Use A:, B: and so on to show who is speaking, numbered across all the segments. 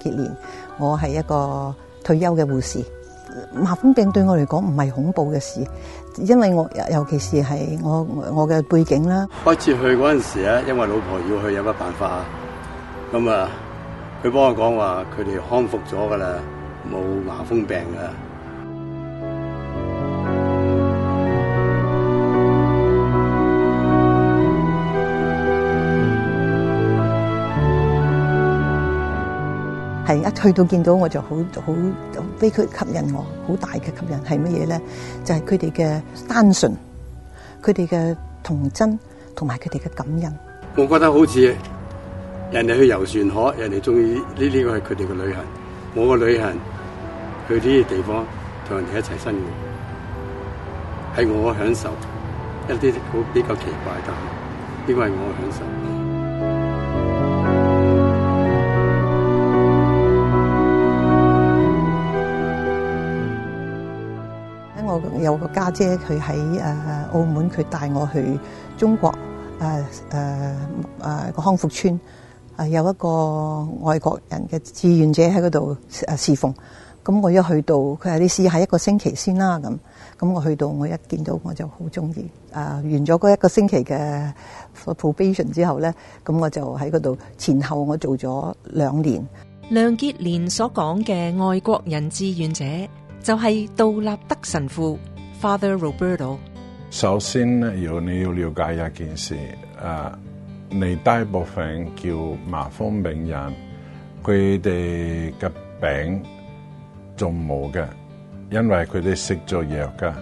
A: 結連，我係一個退休嘅護士，麻風病對我嚟講唔係恐怖嘅事，因為我尤其是係我我嘅背景啦。
B: 開始去嗰陣時咧，因為老婆要去，有乜辦法啊？咁啊，佢幫我講話，佢哋康復咗噶啦，冇麻風病噶。
A: 係一去到見到我就好好，俾佢吸引我，好大嘅吸引係乜嘢咧？就係佢哋嘅單純、佢哋嘅童真，同埋佢哋嘅感恩。
B: 我覺得好似人哋去遊船河，人哋中意呢，呢個係佢哋嘅旅行。我嘅旅行去呢啲地方同人哋一齊生活，係我享受。一啲好比較奇怪但，呢個係我享受。
A: 有個家姐，佢喺，誒澳門，佢帶我去中國誒誒誒個康復村，呃，有一個外國人嘅志願者喺嗰度誒侍奉。咁我一去到，佢話你試下一個星期先啦咁。咁我去到，我一見到我就好中意。誒、呃，完咗嗰一個星期嘅 probation 之後咧，咁我就喺嗰度前後我做咗兩年。
C: 梁潔蓮所講嘅外國人志願者。就係、是、杜立德神父 Father Roberto。
D: 首先咧，如果你要了解一件事，誒，你大部分叫麻風病人，佢哋嘅病仲冇嘅，因為佢哋食咗藥㗎，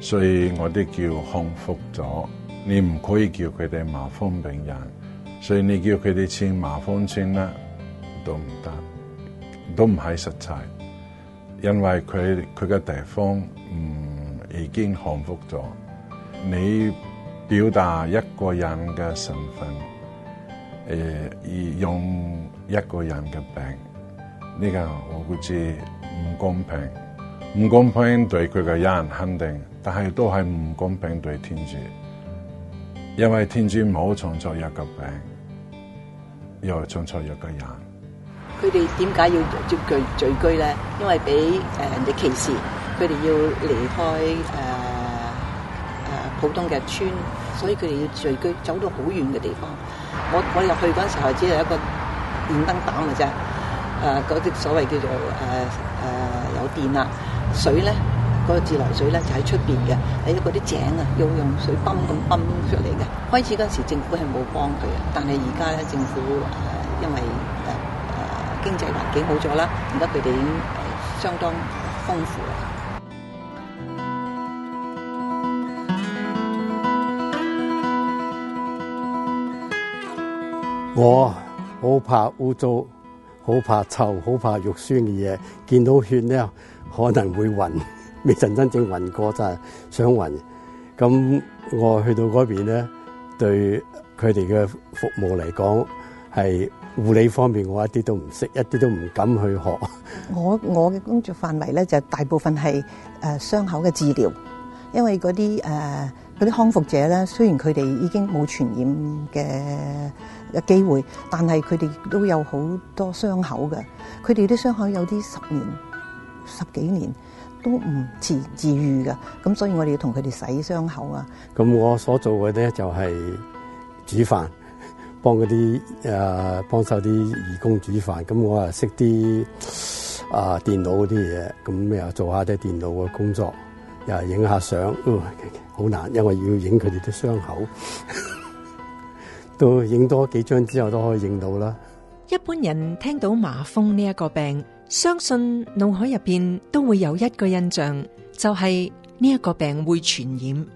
D: 所以我哋叫康復咗。你唔可以叫佢哋麻風病人，所以你叫佢哋遷麻風遷啦，都唔得，都唔係實際。因為佢的嘅地方，嗯、已經康復，咗，你表達一個人嘅身份，而、呃、用一個人嘅病，呢、這個我估計唔公平，唔公平對佢嘅人肯定，但係都係唔公平對天主，因為天主冇創造一個病，又創造一個人。
A: 佢哋點解要接聚聚居咧？因為俾誒人哋歧視，佢哋要離開誒誒、呃呃、普通嘅村，所以佢哋要聚居，走到好遠嘅地方。我我入去嗰陣時候，只係一個電燈膽嘅啫。誒嗰啲所謂叫做誒誒、呃呃、有電啦，水咧嗰、嗰個自來水咧就喺出邊嘅，喺嗰啲井啊，要用水泵咁泵出嚟嘅。開始嗰時候政府係冇幫佢啊，但係而家咧政府誒、呃、因為。經濟環境好咗啦，而家佢哋已經相當豐富。
B: 我好怕污糟，好怕臭，好怕肉酸嘅嘢。見到血咧，可能會暈，未曾真正暈過就係想暈。咁我去到嗰邊咧，對佢哋嘅服務嚟講。係護理方面，我一啲都唔識，一啲都唔敢去學。
A: 我我嘅工作範圍咧，就大部分係誒、呃、傷口嘅治療，因為嗰啲誒啲康復者咧，雖然佢哋已經冇傳染嘅嘅機會，但係佢哋都有好多傷口嘅，佢哋啲傷口有啲十年、十幾年都唔自自愈嘅，咁所以我哋要同佢哋洗傷口啊。
B: 咁我所做嘅咧就係、是、煮飯。幫嗰啲誒，幫手啲義工煮飯，咁我啊識啲啊電腦嗰啲嘢，咁又做下啲電腦嘅工作，又影下相，好、嗯、難，因為要影佢哋啲傷口，都影多幾張之後都可以影到啦。
C: 一般人聽到麻風呢一個病，相信腦海入邊都會有一個印象，就係呢一個病會傳染。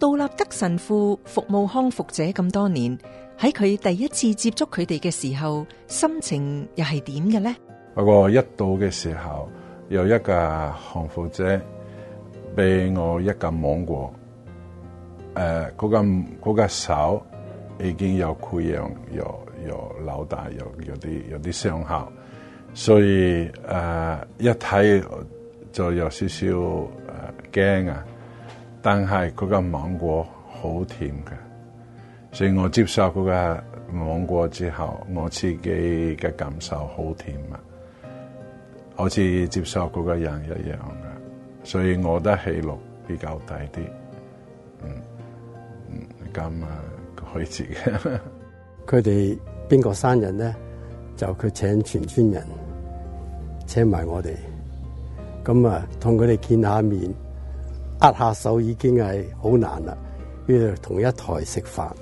C: 杜立德神父服務康復者咁多年。喺佢第一次接觸佢哋嘅時候，心情又係點嘅咧？
D: 不過一到嘅時候，有一個韓服姐俾我一個芒果，誒嗰個手已經有潰瘍，又又扭大，又有啲有啲傷口，所以誒、呃、一睇就有少少誒驚啊！但係佢個芒果好甜嘅。所以我接受嗰個網過之後，我自己嘅感受好甜啊！好似接受嗰個人一樣噶，所以我覺得喜樂比較低啲。嗯咁啊，可以自己。
B: 佢哋邊個生日咧？就佢請全村人，請埋我哋。咁啊，同佢哋見下面，握下手已經係好難啦。呢度同一台食飯。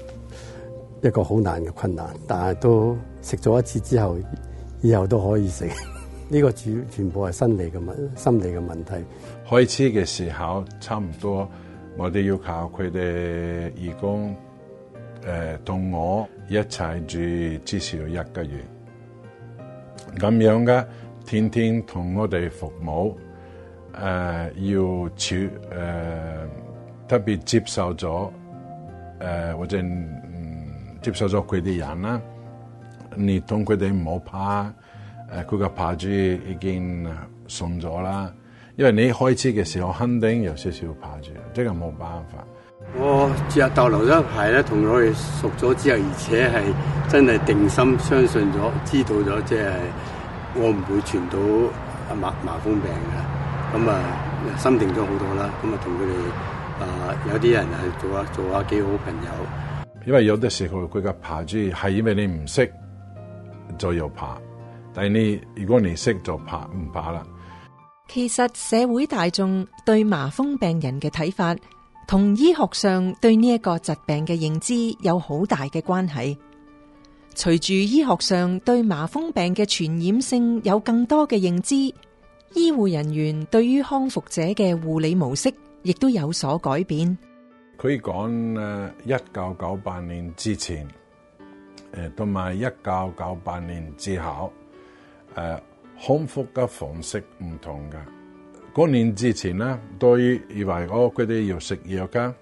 B: 一個好難嘅困難，但係都食咗一次之後，以後都可以食。呢、這個主全部係心理嘅問
D: 心理嘅問題。開始嘅時候差唔多，我哋要靠佢哋義工，誒、呃、同我一齊住至少一個月。咁樣嘅、啊、天天同我哋服務，誒、呃、要處誒、呃、特別接受咗誒、呃、或者。接受咗佢啲人啦，你同佢哋唔好怕，誒佢個怕住已經鬆咗啦。因為你開始嘅時候肯定有些少少怕住，即係冇辦法。
B: 我只係逗留咗一排咧，同佢哋熟咗之後，而且係真係定心，相信咗，知道咗即係我唔會傳到阿麻麻風病嘅。咁、嗯、啊，心定咗、嗯呃、好多啦。咁啊，同佢哋啊有啲人係做下做下幾好朋友。
D: 因為有啲時候佢嘅爬住係，因為你唔識就又爬，但係你如果你識就爬唔爬啦。
C: 其實社會大眾對麻風病人嘅睇法，同醫學上對呢一個疾病嘅認知有好大嘅關係。隨住醫學上對麻風病嘅傳染性有更多嘅認知，醫護人員對於康復者嘅護理模式亦都有所改變。
D: 佢講誒，一九九八年之前，誒同埋一九九八年之後，誒康復嘅方式唔同噶。嗰年之前咧，都以為哦佢哋要食藥噶，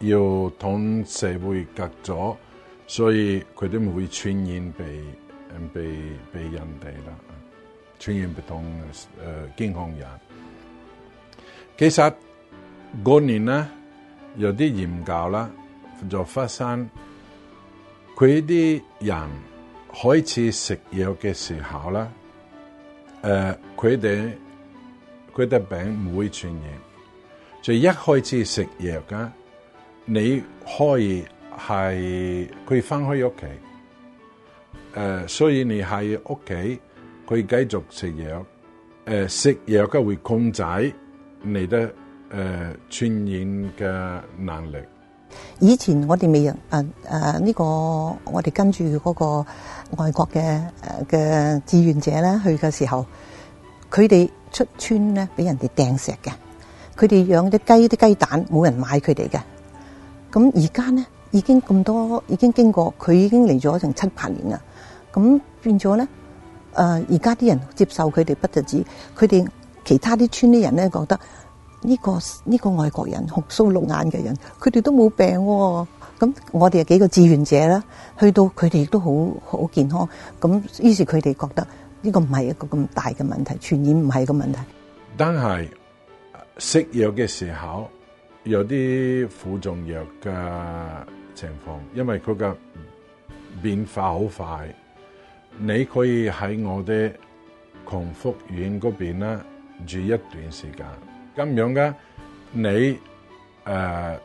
D: 要同社會隔咗，所以佢哋唔會傳染俾嗯俾俾人哋啦，傳染俾同誒、呃、健康人。其實嗰年咧。有啲研究啦，就發生佢啲人開始食藥嘅時候咧，誒佢哋佢哋病唔會傳染，就一開始食藥㗎，你可以係佢返去屋企，誒所以你喺屋企佢繼續食藥，誒食藥嘅會控制你的。誒、呃，傳染嘅能力。
A: 以前我哋未人誒誒呢個，我哋跟住嗰個外國嘅誒嘅志願者咧，去嘅時候，佢哋出村咧俾人哋掟石嘅，佢哋養啲雞啲雞蛋冇人買佢哋嘅。咁而家咧已經咁多，已經經過佢已經嚟咗成七八年啦。咁變咗咧，誒而家啲人接受佢哋不特止，佢哋其他啲村啲人咧覺得。呢、這個呢、這個外國人紅鬚綠眼嘅人，佢哋都冇病喎、哦。咁我哋有幾個志願者啦，去到佢哋都好好健康。咁於是佢哋覺得呢、這個唔係一個咁大嘅問題，傳染唔係一個問題。
D: 但係食藥嘅時候有啲副助藥嘅情況，因為佢嘅變化好快。你可以喺我哋窮福院嗰邊咧住一段時間。咁樣嘅你誒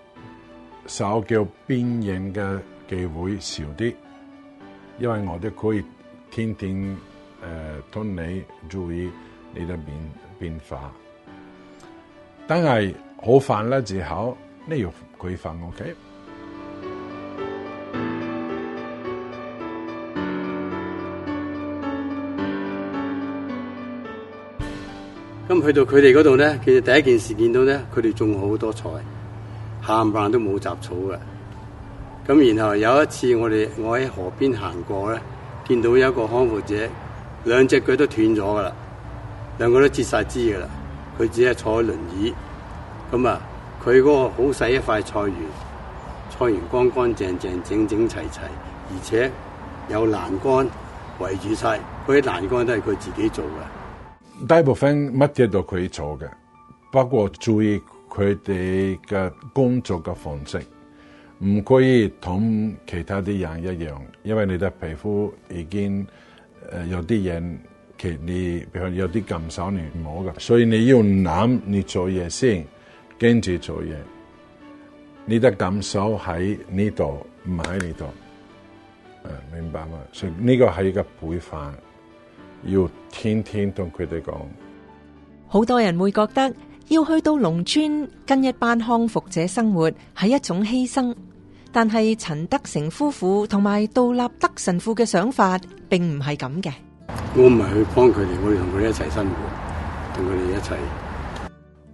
D: 手腳變形嘅機會少啲，因為我哋可以天天誒同你注意你嘅變變化。但係好煩啦，最好你要佢瞓 OK。
B: 去到佢哋嗰度咧，其實第一件事見到咧，佢哋種好多菜，冚唪唥都冇雜草嘅。咁然後有一次我，我哋我喺河邊行過咧，見到有一個康復者，兩隻腳都斷咗㗎喇，兩個都截曬肢㗎喇，佢只係坐喺輪椅。咁啊，佢嗰個好細一塊菜園，菜園乾乾淨淨、整整齊齊，而且有欄杆圍住晒。嗰啲欄杆都係佢自己做嘅。
D: 大部分乜嘢都可以做嘅，不過注意佢哋嘅工作嘅方式，唔可以同其他啲人一樣，因為你嘅皮膚已經誒、呃、有啲嘢，其你，比如有啲感受你冇嘅，所以你要諗你做嘢先，跟住做嘢，你嘅感受喺呢度唔喺呢度，誒、啊，明白嘛？所以呢個係一個培訓。要天天同佢哋講，
C: 好多人會覺得要去到農村跟一班康復者生活係一種犧牲，但係陳德成夫婦同埋杜立德神父嘅想法並唔係咁嘅。
D: 我唔係去幫佢哋，我同佢哋一齊生活，同佢哋一齊。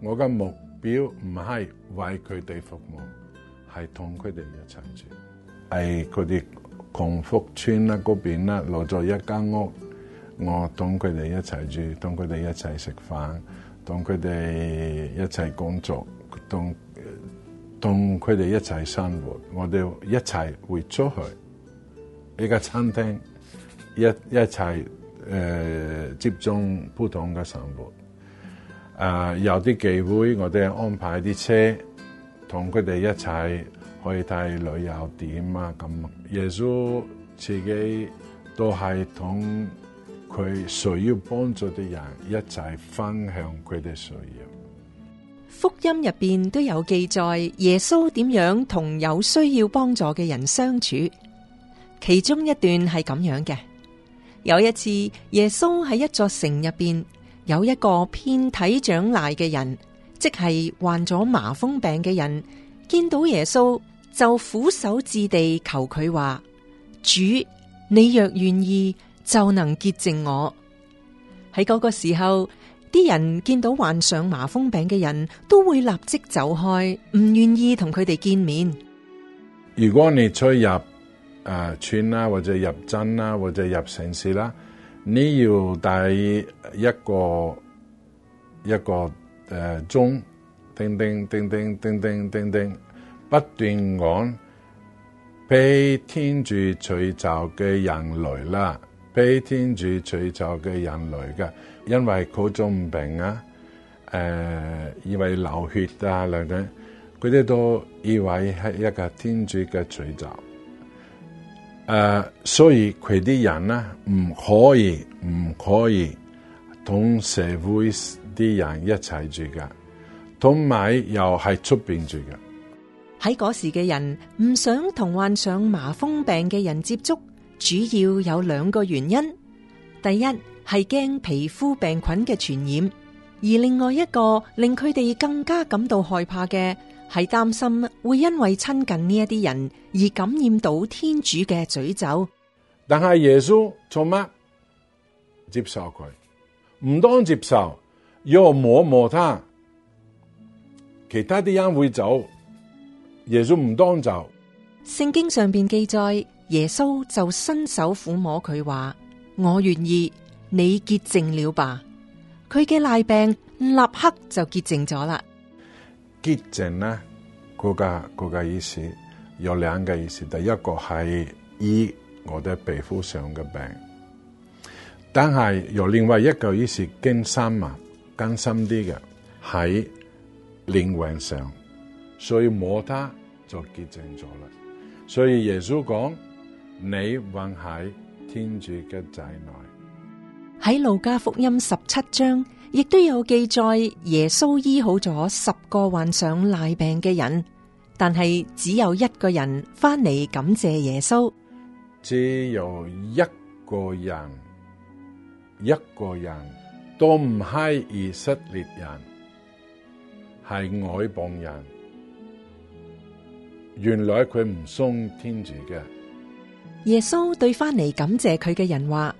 D: 我嘅目標唔係為佢哋服務，係同佢哋一齊住。係佢哋康復村啦，嗰邊啦，落咗一間屋。我同佢哋一齊住，同佢哋一齊食飯，同佢哋一齊工作，同同佢哋一齊生活。我哋一齊會出去呢間餐廳，一一齊誒接觸不同嘅生活。啊，有啲機會我哋安排啲車同佢哋一齊去睇旅遊點啊咁。耶穌自己都係同。佢需要幫助的人一齊分享佢的需要。
C: 福音入邊都有記載耶穌點樣同有需要幫助嘅人相處。其中一段係咁樣嘅：有一次耶穌喺一座城入邊，有一個遍體長癩嘅人，即係患咗麻風病嘅人，見到耶穌就俯首置地求佢話：主，你若願意。就能潔淨我。喺嗰個時候，啲人見到患上麻風病嘅人都會立即走開，唔願意同佢哋見面。
D: 如果你出入誒村啦，或者入鎮啦，或者入城市啦，你要帶一個一個誒、呃、鐘，叮叮，叮叮叮叮叮叮叮叮，不斷講，被天主詛咒嘅人來啦。俾天主詛咒嘅人類嘅，因為嗰種病啊，誒，以為流血啊，兩個，佢哋都以為係一個天主嘅詛咒。誒，所以佢啲人咧唔可以唔可以同社會啲人一齊住噶，同埋又係出邊住噶。
C: 喺嗰時嘅人唔想同患上麻風病嘅人接觸。主要有兩個原因，第一係驚皮膚病菌嘅傳染，而另外一個令佢哋更加感到害怕嘅係擔心會因為親近呢一啲人而感
D: 染到天主嘅詛咒。但係耶穌做乜接受佢？唔當接受，要我摸摸他，其他啲人會走，耶穌唔當走。
C: 聖經上邊記載。耶穌就伸手撫摸佢話：我願意，你潔淨了吧。佢嘅癩病立刻就潔淨咗啦。
D: 潔淨呢，佢嘅意思有兩個意思，第一個係醫我哋皮膚上嘅病，但係由另外一個意思更深啊，更深啲嘅喺靈魂上，所以摸他就潔淨咗啦。所以耶穌講。你混喺天主嘅仔內，
C: 喺路加福音十七章，亦都有記載耶穌醫好咗十個患上賴病嘅人，但係只有一個人翻嚟感謝耶穌，
D: 只有一個人，一個人都唔係以色列人，係外邦人，原來佢唔信天主嘅。
C: 耶穌對翻嚟感謝佢嘅人話：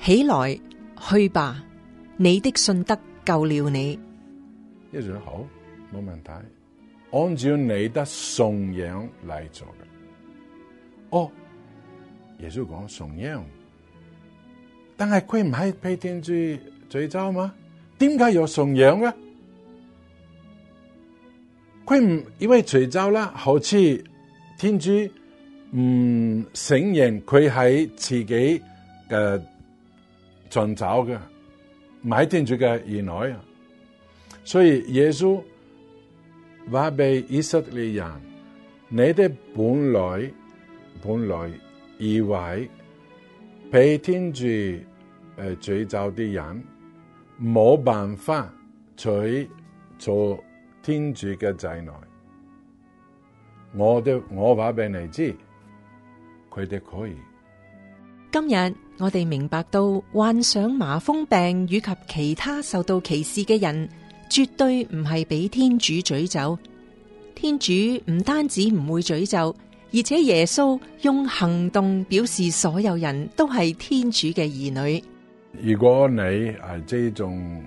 C: 起來去吧，你的信德救了你。
D: 耶穌好冇問題，按照你的崇仰嚟做嘅。哦，耶穌講崇仰，但係佢唔係俾天主詛咒嗎？點解又崇仰啊？佢唔因為詛咒啦，好似天主。唔承認佢喺自己嘅尋找嘅買天主嘅兒女，所以耶穌話俾以色列人：你哋本來本來以為俾天主誒詛咒啲人冇辦法娶做天主嘅仔女，我都我話俾你知。佢哋可以。
C: 今日我哋明白到，患上麻風病以及其他受到歧視嘅人，絕對唔係俾天主詛咒。天主唔單止唔會詛咒，而且耶穌用行動表示所有人都係天主嘅兒女。
D: 如果你係呢種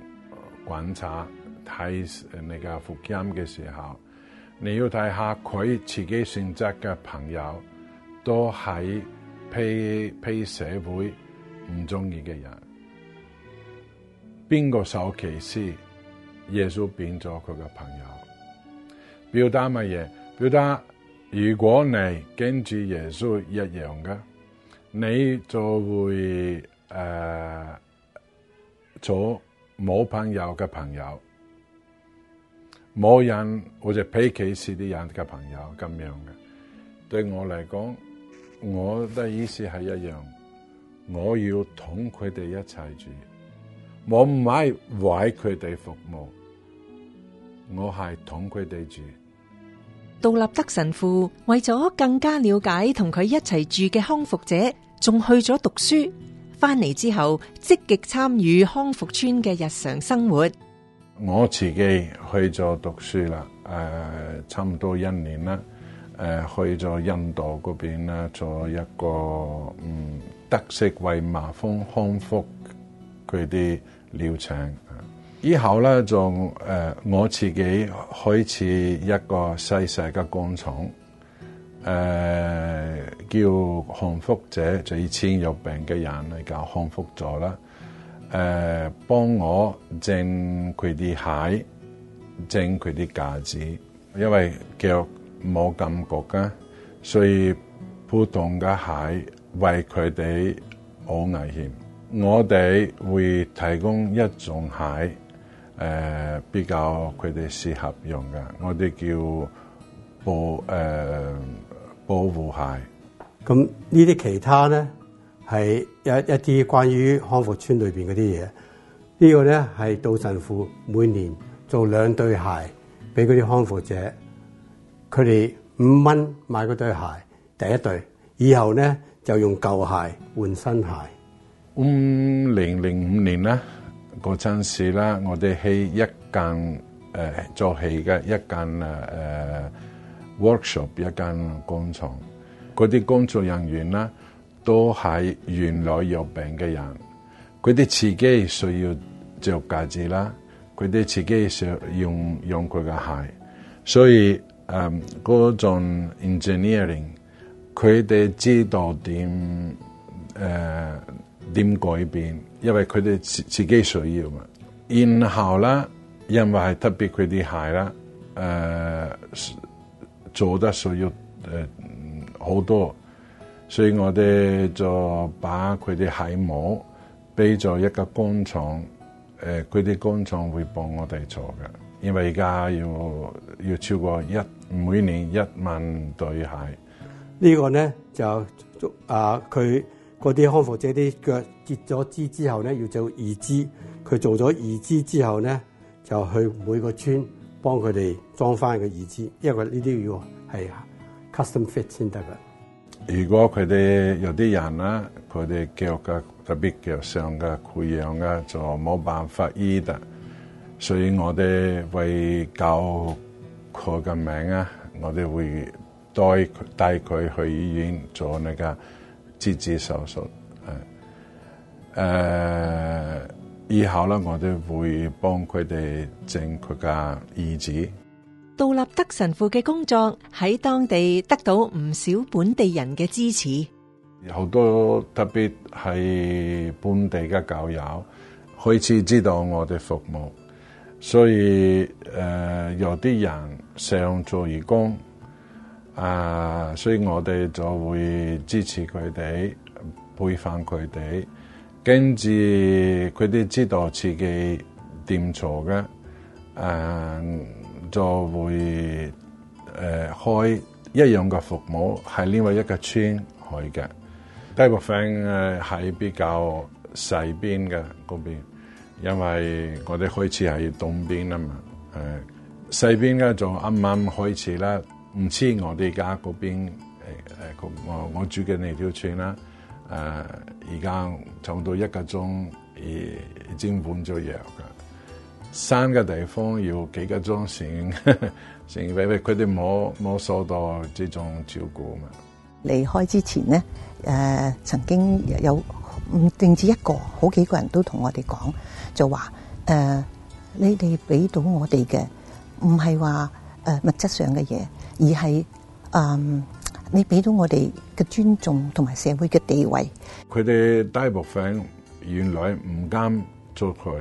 D: 觀察睇你嘅福音嘅時候，你要睇下佢自己選擇嘅朋友。都係被被社會唔中意嘅人，邊個受歧視，耶穌變咗佢嘅朋友。表達乜嘢？表達如果你跟住耶穌一樣嘅，你就會誒、呃、做冇朋友嘅朋友，冇人或者被歧視啲人嘅朋友咁樣嘅。對我嚟講。我嘅意思係一樣，我要同佢哋一齊住，我唔係為佢哋服務，我係同佢哋住。
C: 杜立德神父為咗更加了解同佢一齊住嘅康復者，仲去咗讀書，翻嚟之後積極參與康復村嘅日常生活。
D: 我自己去咗讀書啦，誒、呃，差唔多一年啦。誒去咗印度嗰邊咧，做一個嗯特色為麻風康復佢啲療程。以後咧就誒、呃、我自己開始一個細細嘅工廠，誒、呃、叫康復者，最先有病嘅人嚟搞康復咗啦。誒、呃、幫我整佢啲蟹，整佢啲架子，因為腳，冇感覺噶，所以普通嘅鞋為佢哋好危險。我哋會提供一種鞋，誒、呃、比較佢哋適合用嘅。我哋叫保誒、呃、保護鞋。
B: 咁呢啲其他咧係有一啲關於康復村裏邊嗰啲嘢。這個、呢個咧係杜神父每年做兩對鞋俾嗰啲康復者。佢哋五蚊買嗰對鞋，第一
D: 對，以後咧就用舊鞋換新鞋。二零零五年啦，嗰陣時啦，我哋喺一間誒做鞋嘅一間誒誒 workshop，一間工廠，嗰啲工作人員啦，都係原來有病嘅人，佢哋自己需要著戒指啦，佢哋自己想用用佢嘅鞋，所以。嗰種 engineering，佢哋知道點誒點改變，因為佢哋自自己需要嘛。然後啦，因為係特別佢啲鞋啦誒做得需要誒好多，所以我哋就把佢哋鞋模俾咗一個工廠，誒佢哋工廠會幫我哋做嘅，因為而家要要超過一。每年一萬對鞋，這個、呢個
B: 咧就啊佢嗰啲康復者啲腳截咗肢之後咧，要做義肢。佢做咗義肢之後咧，就去每個村幫佢哋裝翻個義肢，因為呢啲要係 custom fit 先得㗎。如
D: 果佢哋有啲人啦，佢哋腳腳特別腳上嘅潰瘍呀，就冇辦法醫得，所以我哋為教。佢嘅名啊，我哋會帶帶佢去醫院做呢個截肢手術。誒、嗯，以後咧，我哋會幫佢哋整佢嘅義肢。
C: 杜立德神父嘅工作喺當地得到唔少本地人嘅支持，
D: 有好多特別係本地嘅教友開始知道我哋服務。所以誒、呃、有啲人想做義工啊、呃，所以我哋就會支持佢哋，培訓佢哋，跟住佢哋知道自己點做嘅，誒、呃、就會誒、呃、開一樣嘅服務，係呢個一個村去嘅，大部分誒係、呃、比較細邊嘅嗰邊。因為我哋開始係東邊啊嘛，誒西邊咧就啱啱開始啦，唔似我哋而家嗰邊我、啊、我住嘅那條村啦，誒而家走到一個鐘已經滿咗藥嘅，山嘅地方要幾個鐘先先， 因為佢哋冇冇受到這種照顧啊嘛。離
A: 開之前咧、呃，曾經有。唔定止一個，好幾個人都同我哋講，就話誒，你哋俾到我哋嘅唔係話誒物質上嘅嘢，而係誒你俾到我哋嘅尊重同埋社會嘅地位。
D: 佢哋大部分原來唔敢做佢，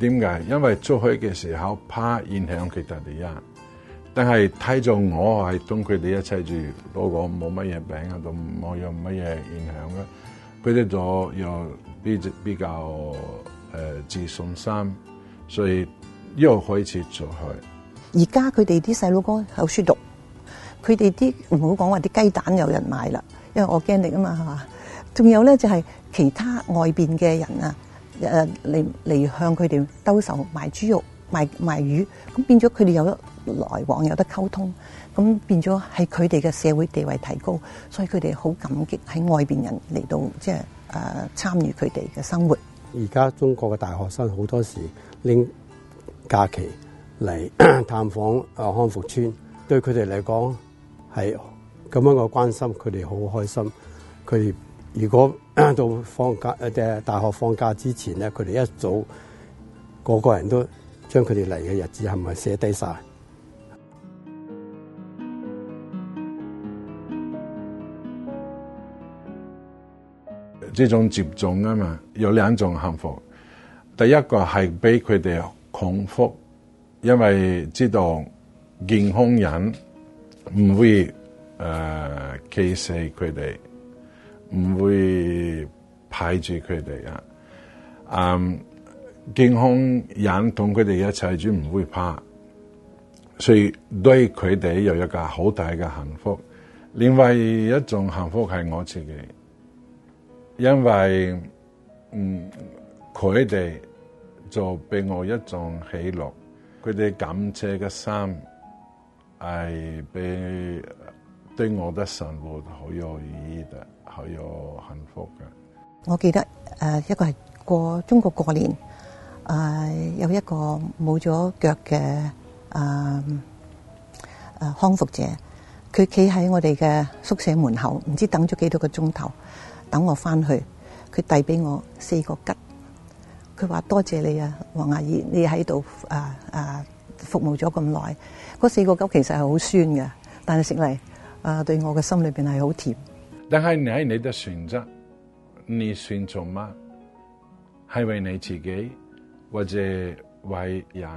D: 點解？因為做佢嘅時候怕影響其他人。但係睇住我係同佢哋一齊住，我講冇乜嘢病喺度，冇有乜嘢影響嘅。佢哋咗又比比較誒自信心，所以一路開始出去。
A: 而家佢哋啲細佬哥有書讀，佢哋啲唔好講話啲雞蛋有人買啦，因為我驚你啊嘛，係嘛？仲有咧就係、是、其他外邊嘅人啊，嚟嚟向佢哋兜售賣豬肉、賣賣魚，咁變咗佢哋有得來往，有得溝通。咁變咗係佢哋嘅社會地位提高，所以佢哋好感激喺外邊人嚟到即係誒參與佢哋嘅生活。
B: 而家中國嘅大學生好多時拎假期嚟探訪誒康復村，對佢哋嚟講係咁樣嘅關心，佢哋好開心。佢哋如果、呃、到放假誒即係大學放假之前咧，佢哋一早個個人都將佢哋嚟嘅日子係咪寫
D: 低晒？這種接種啊嘛，有兩種幸福。第一個係俾佢哋康復，因為知道健康人唔會誒歧視佢哋，唔、呃、會排住佢哋啊。嗯，健康人同佢哋一齊住唔會怕，所以對佢哋有一個好大嘅幸福。另外一種幸福係我自己。因為，嗯，佢哋就俾我一種喜樂，佢哋感謝嘅心係俾對我嘅生活好有意義嘅，好有幸福嘅。
A: 我記得誒、呃、一個係過中國過年誒、呃，有一個冇咗腳嘅誒誒康復者，佢企喺我哋嘅宿舍門口，唔知等咗幾多個鐘頭。等我翻去，佢遞俾我四個桔。佢話，多謝你啊，黃阿姨，你喺度啊、啊服務咗咁耐。嗰四個桔其實係好酸嘅，但係食嚟，啊對我嘅心裏邊係
D: 好甜。但係你喺你嘅選擇，你選做乜？係為你自己，或者為人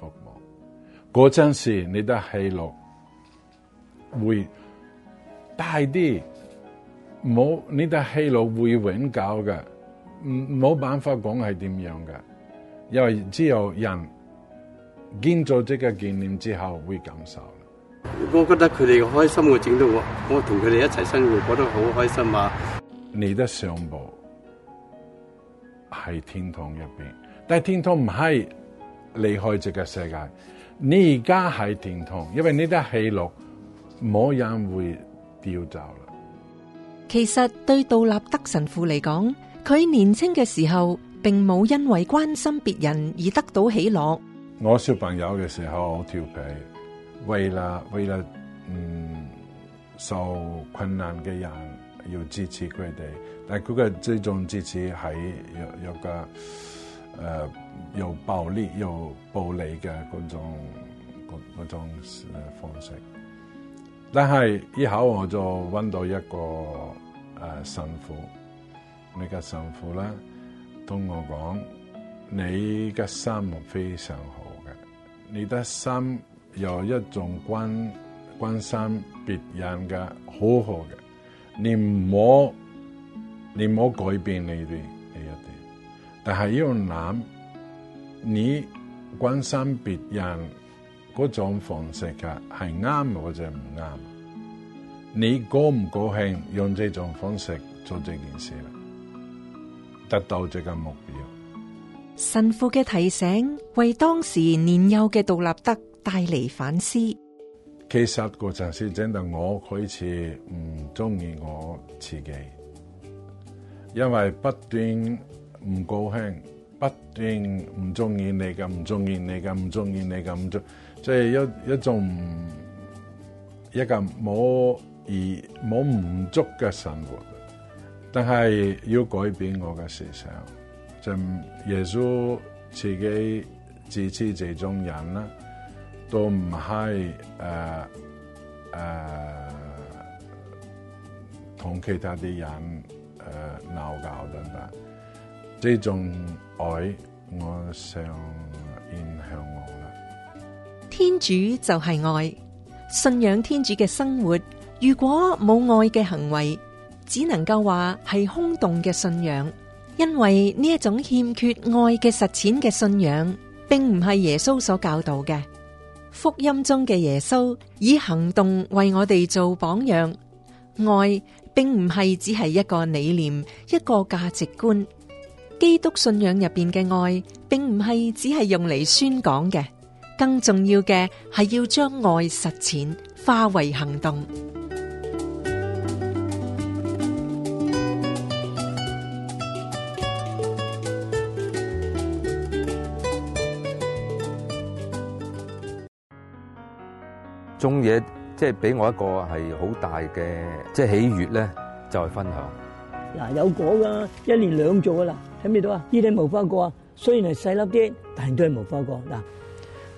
D: 服務？嗰陣時你嘅喜樂會大啲。冇呢啲戲路會永久嘅，冇辦法講係點樣嘅，因為只有人見這個建咗即個紀念之後會感受。
B: 我覺得佢哋開心會我，我整到我我同佢哋一齊生活，覺得好開心啊！
D: 你的上步，喺天堂入邊，但係天堂唔係離開即個世界，你而家喺天堂，因為呢啲戲路冇人會丟走。
C: 其實對杜立德神父嚟講，佢年輕嘅時候並冇因為關心別人而得到喜樂。
D: 我小朋友嘅時候好調皮，為了為了嗯受困難嘅人要支持佢哋，但佢嘅最終支持係有有個誒又暴力又暴力嘅嗰種嗰嗰種方式。但係以後我就揾到一個。啊，神父，你嘅神父啦，同我講，你嘅心非常好嘅，你嘅心有一種關關心別人嘅好好嘅，你唔好，你唔好改變你哋呢一點，但係要諗，你關心別人嗰種方式嘅係啱或者唔啱。你高唔高興用這種方式做這件事啦？得到這個目標。
C: 神父嘅提醒為當時年幼嘅杜立德帶嚟反思。
D: 其實個陣時整到我開始唔中意我自己，因為不斷唔高興，不斷唔中意你咁，唔中意你咁，唔中意你咁，即係、就是、一一種一個冇。而冇唔足嘅生活，但係要改變我嘅思想。就耶穌自己支持這種人啦，都唔係誒誒同其他啲人誒鬧交等等，呢種愛我想影響我啦。
C: 天主就係愛。信仰天主嘅生活，如果冇愛嘅行為，只能夠話係空洞嘅信仰。因為呢一種欠缺愛嘅實踐嘅信仰，並唔係耶穌所教導嘅。福音中嘅耶穌以行動為我哋做榜樣。愛並唔係只係一個理念，一個價值觀。基督信仰入邊嘅愛，並唔係只係用嚟宣講嘅。更重要嘅係要將愛實踐，化為行動。
B: 種嘢即係俾我一個係好大嘅即係喜悅咧，就係分享。
C: 嗱，有果噶，一年兩做噶啦，睇唔到啊？呢啲無花果啊，雖然係細粒啲，但係都係無花果嗱。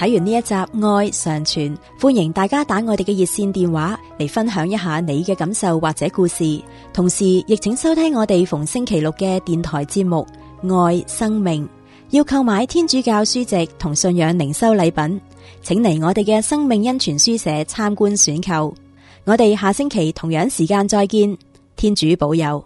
C: 睇完呢一集《愛常存》，歡迎大家打我哋嘅熱線電話嚟分享一下你嘅感受或者故事。同時亦請收聽我哋逢星期六嘅電台節目《愛生命》。要購買天主教書籍同信仰靈修禮品，請嚟我哋嘅
B: 生命恩泉書社參觀選購。我哋下星期同樣時間再見，天主保佑。